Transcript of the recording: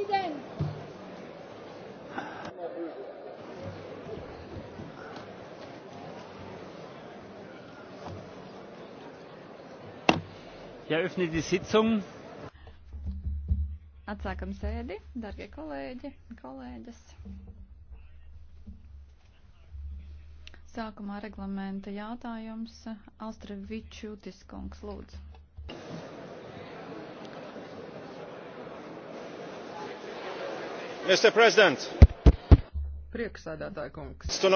Präsident! Ich eröffne die Sitzung. Atsākam sēdi, darbie kolēģi un kolēģis. Sākumā reglamenta jautājums Alstreviču Tiskungs lūdzu. Priekšsēdētāja kungs.